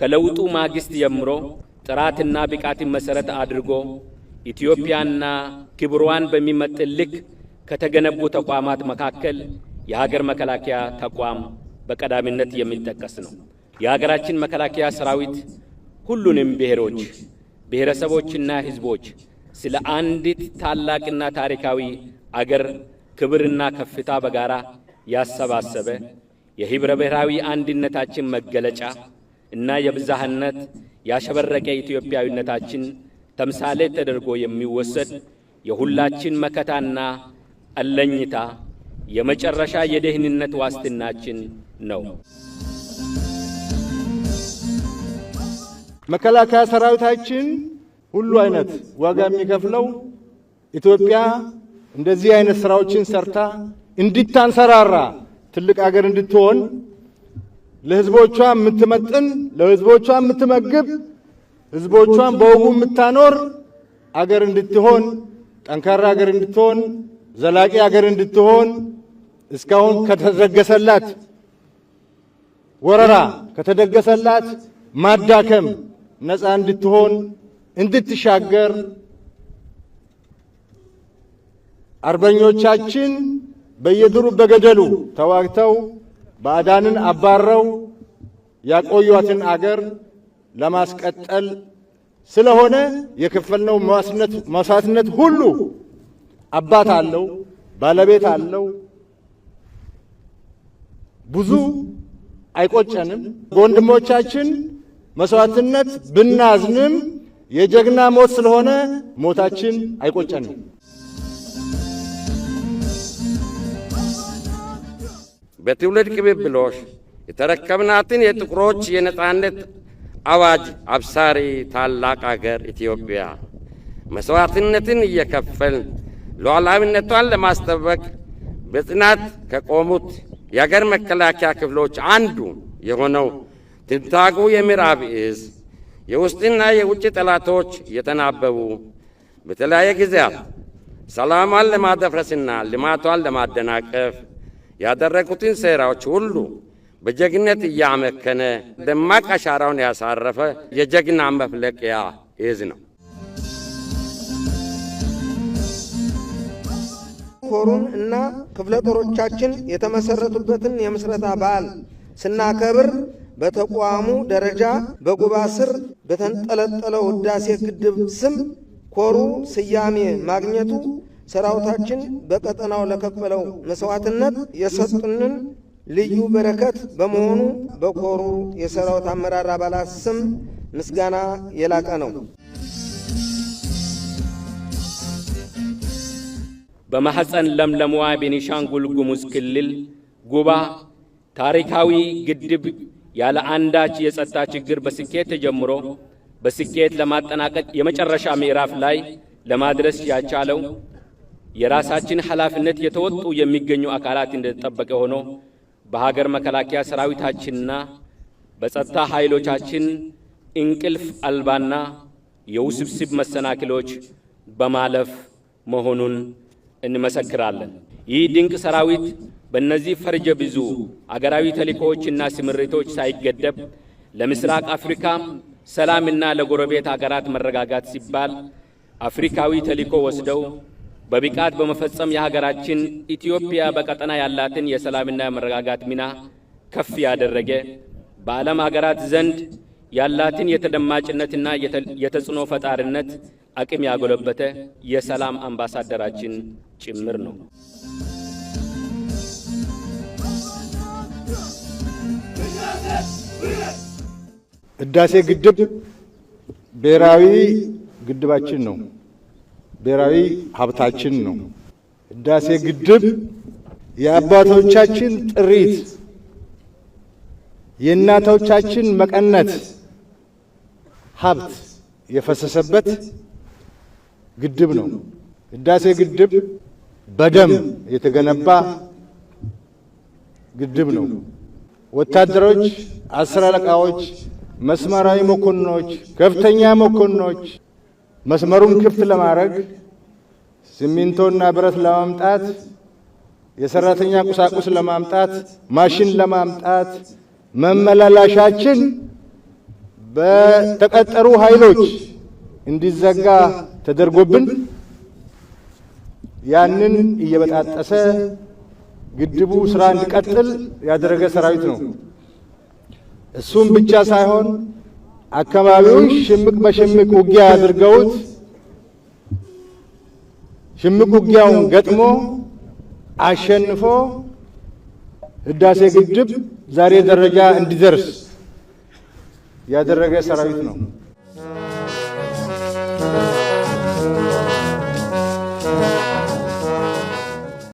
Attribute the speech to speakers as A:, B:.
A: ከለውጡ ማግስት ጀምሮ ጥራትና ብቃትን መሰረት አድርጎ ኢትዮጵያና ክብሯን በሚመጥን ልክ ከተገነቡ ተቋማት መካከል የሀገር መከላከያ ተቋም በቀዳሚነት የሚጠቀስ ነው። የሀገራችን መከላከያ ሰራዊት ሁሉንም ብሔሮች፣ ብሔረሰቦችና ህዝቦች ስለ አንዲት ታላቅና ታሪካዊ አገር ክብርና ከፍታ በጋራ ያሰባሰበ የህብረ ብሔራዊ አንድነታችን መገለጫ እና የብዛህነት ያሸበረቀ ኢትዮጵያዊነታችን ተምሳሌ ተደርጎ የሚወሰድ የሁላችን መከታና አለኝታ የመጨረሻ የደህንነት ዋስትናችን ነው።
B: መከላከያ ሰራዊታችን ሁሉ አይነት ዋጋ የሚከፍለው ኢትዮጵያ እንደዚህ አይነት ስራዎችን ሰርታ እንድታንሰራራ ትልቅ አገር እንድትሆን ለህዝቦቿ የምትመጥን ለህዝቦቿ የምትመግብ ህዝቦቿን በወጉ የምታኖር አገር እንድትሆን ጠንካራ አገር እንድትሆን ዘላቂ አገር እንድትሆን እስካሁን ከተደገሰላት ወረራ ከተደገሰላት ማዳከም ነፃ እንድትሆን እንድትሻገር አርበኞቻችን በየድሩ በገደሉ ተዋግተው ባዕዳንን አባረው ያቆዩትን አገር ለማስቀጠል ስለሆነ የከፈልነው መስዋዕትነት ሁሉ አባት አለው፣ ባለቤት አለው። ብዙ አይቆጨንም። በወንድሞቻችን መስዋዕትነት ብናዝንም የጀግና ሞት ስለሆነ ሞታችን አይቆጨንም።
C: በትውልድ ቅብብሎሽ የተረከብናትን የጥቁሮች የነፃነት አዋጅ አብሳሪ ታላቅ አገር ኢትዮጵያ መሥዋዕትነትን እየከፈል ሉዓላዊነቷን ለማስጠበቅ በጽናት ከቆሙት የአገር መከላከያ ክፍሎች አንዱ የሆነው ትንታጉ የምዕራብ እዝ የውስጥና የውጭ ጠላቶች እየተናበቡ በተለያየ ጊዜያት ሰላሟን ለማደፍረስና ልማቷን ለማደናቀፍ ያደረጉትን ሴራዎች ሁሉ በጀግነት እያመከነ ደማቅ አሻራውን ያሳረፈ የጀግና መፍለቂያ እዝ ነው።
D: ኮሩን እና ክፍለ ጦሮቻችን የተመሠረቱበትን የምስረታ በዓል ስናከብር በተቋሙ ደረጃ በጉባ ስር በተንጠለጠለው ህዳሴ ግድብ ስም ኮሩ ስያሜ ማግኘቱ ሰራዊታችን በቀጠናው ለከፈለው መስዋዕትነት የሰጡንን ልዩ በረከት በመሆኑ በኮሩ የሰራዊት አመራር አባላት ስም ምስጋና የላቀ ነው።
E: በማኅፀን ለምለምዋ ቤኒሻንጉል ጉሙዝ ክልል ጉባ ታሪካዊ ግድብ ያለ አንዳች የጸጥታ ችግር በስኬት ተጀምሮ በስኬት ለማጠናቀቅ የመጨረሻ ምዕራፍ ላይ ለማድረስ ያቻለው የራሳችን ኃላፊነት የተወጡ የሚገኙ አካላት እንደተጠበቀ ሆኖ በሀገር መከላከያ ሰራዊታችንና በጸጥታ ኃይሎቻችን እንቅልፍ አልባና የውስብስብ መሰናክሎች በማለፍ መሆኑን እንመሰክራለን። ይህ ድንቅ ሰራዊት በእነዚህ ፈርጀ ብዙ አገራዊ ተልእኮዎችና ስምሪቶች ሳይገደብ ለምስራቅ አፍሪካ ሰላምና ለጎረቤት አገራት መረጋጋት ሲባል አፍሪካዊ ተልእኮ ወስደው በብቃት በመፈጸም የሀገራችን ኢትዮጵያ በቀጠና ያላትን የሰላምና የመረጋጋት ሚና ከፍ ያደረገ በዓለም ሀገራት ዘንድ ያላትን የተደማጭነትና የተጽዕኖ ፈጣሪነት አቅም ያጎለበተ የሰላም አምባሳደራችን ጭምር ነው።
F: ህዳሴ ግድብ ብሔራዊ ግድባችን ነው። ብሔራዊ ሀብታችን ነው። ህዳሴ ግድብ የአባቶቻችን ጥሪት፣ የእናቶቻችን መቀነት ሀብት የፈሰሰበት ግድብ ነው። ህዳሴ ግድብ በደም የተገነባ ግድብ ነው። ወታደሮች፣ አስር አለቃዎች፣ መስመራዊ መኮንኖች፣ ከፍተኛ መኮንኖች መስመሩን ክፍት ለማድረግ ሲሚንቶና ብረት ለማምጣት የሰራተኛ ቁሳቁስ ለማምጣት ማሽን ለማምጣት መመላላሻችን በተቀጠሩ ኃይሎች እንዲዘጋ ተደርጎብን ያንን እየበጣጠሰ ግድቡ ስራ እንዲቀጥል ያደረገ ሰራዊት ነው። እሱም ብቻ ሳይሆን አካባቢውን ሽምቅ በሽምቅ ውጊያ አድርገውት ሽምቅ ውጊያውን ገጥሞ አሸንፎ ህዳሴ ግድብ ዛሬ ደረጃ እንዲደርስ ያደረገ ሰራዊት ነው።